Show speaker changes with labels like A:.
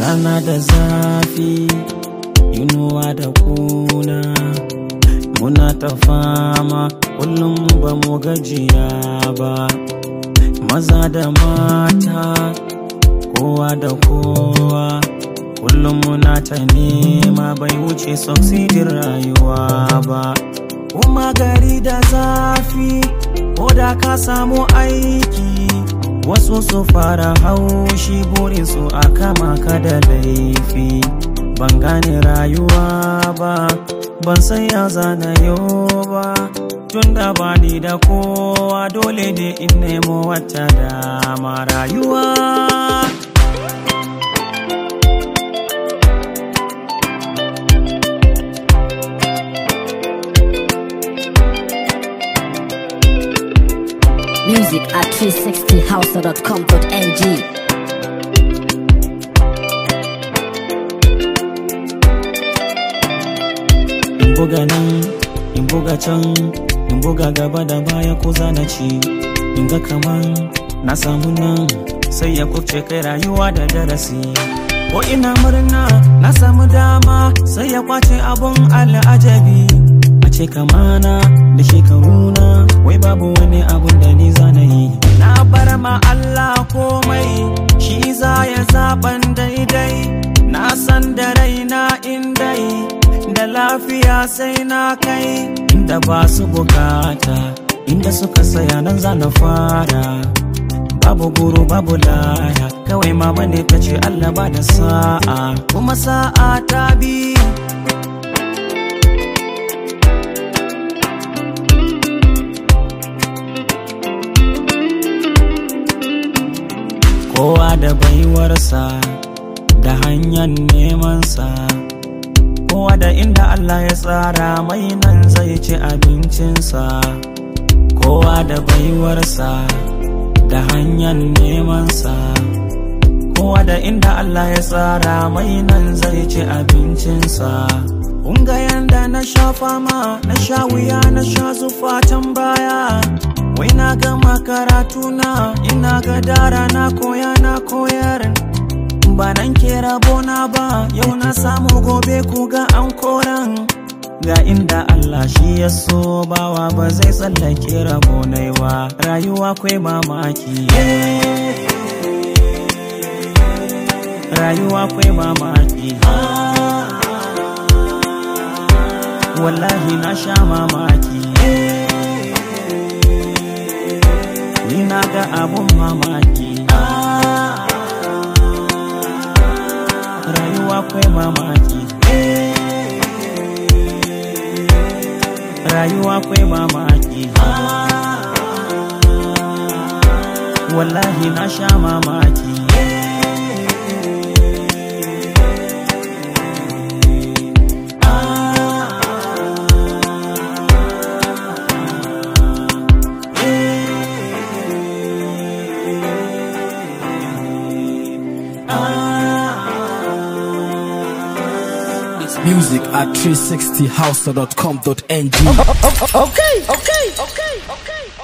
A: Rana da zafi, inuwa da kuna Muna ta fama, kullum ba mu gajiya ba Maza da mata, kowa da kowa Kullum muna ta nema bai wuce succeedin rayuwa ba Kuma gari da zafi, ko da ka samu aiki wasu su fara haushi su a kama ka da laifi ban gane rayuwa ba ban san ya zana yau ba tun da ba ni da kowa dole ne in nemo wata dama rayuwa Music at 360house.com.ng buga nan in buga can in buga gaba da baya ko zana inga in ga kaman na samu nan sai ya kubce kai rayuwa da darasi ko ina murna na samu dama sai ya kwace abun al'ajabi a ce kamana da shekaruna wai babu wani abun da ni na yi na bar ma Allah komai shi za ya zaban daidai na san da raina indai da lafiya sai na kai inda ba su bukata inda suka saya nan zana fara babu guru babu laya kawai ma bane kace Allah ba da sa'a kuma sa'a ta bi kowa da baiwarsa da hanyar nemansa kowa da inda Allah ya tsara mai nan zai ci abincinsa kowa da baiwarsa da hanyar nemansa kowa da inda Allah ya tsara mai nan zai ci abincinsa Kunga yanda na sha fama, na sha wuya, na sha zufa baya wai na ga makaratuna na ina ga dara na koya na koyar ba nan ke rabona ba yau na samu gobe ku ga an koran ga inda Allah shi ya so bawa ba zai tsallake rabonai ba rayuwa kwai mamaki rayuwa kwai mamaki wallahi na sha mamaki ga abun mamaki rayuwa kai mamaki rayuwa kwai mamaki wallahi na sha mamaki Music at 360house.com.ng. Okay, okay, okay, okay. okay.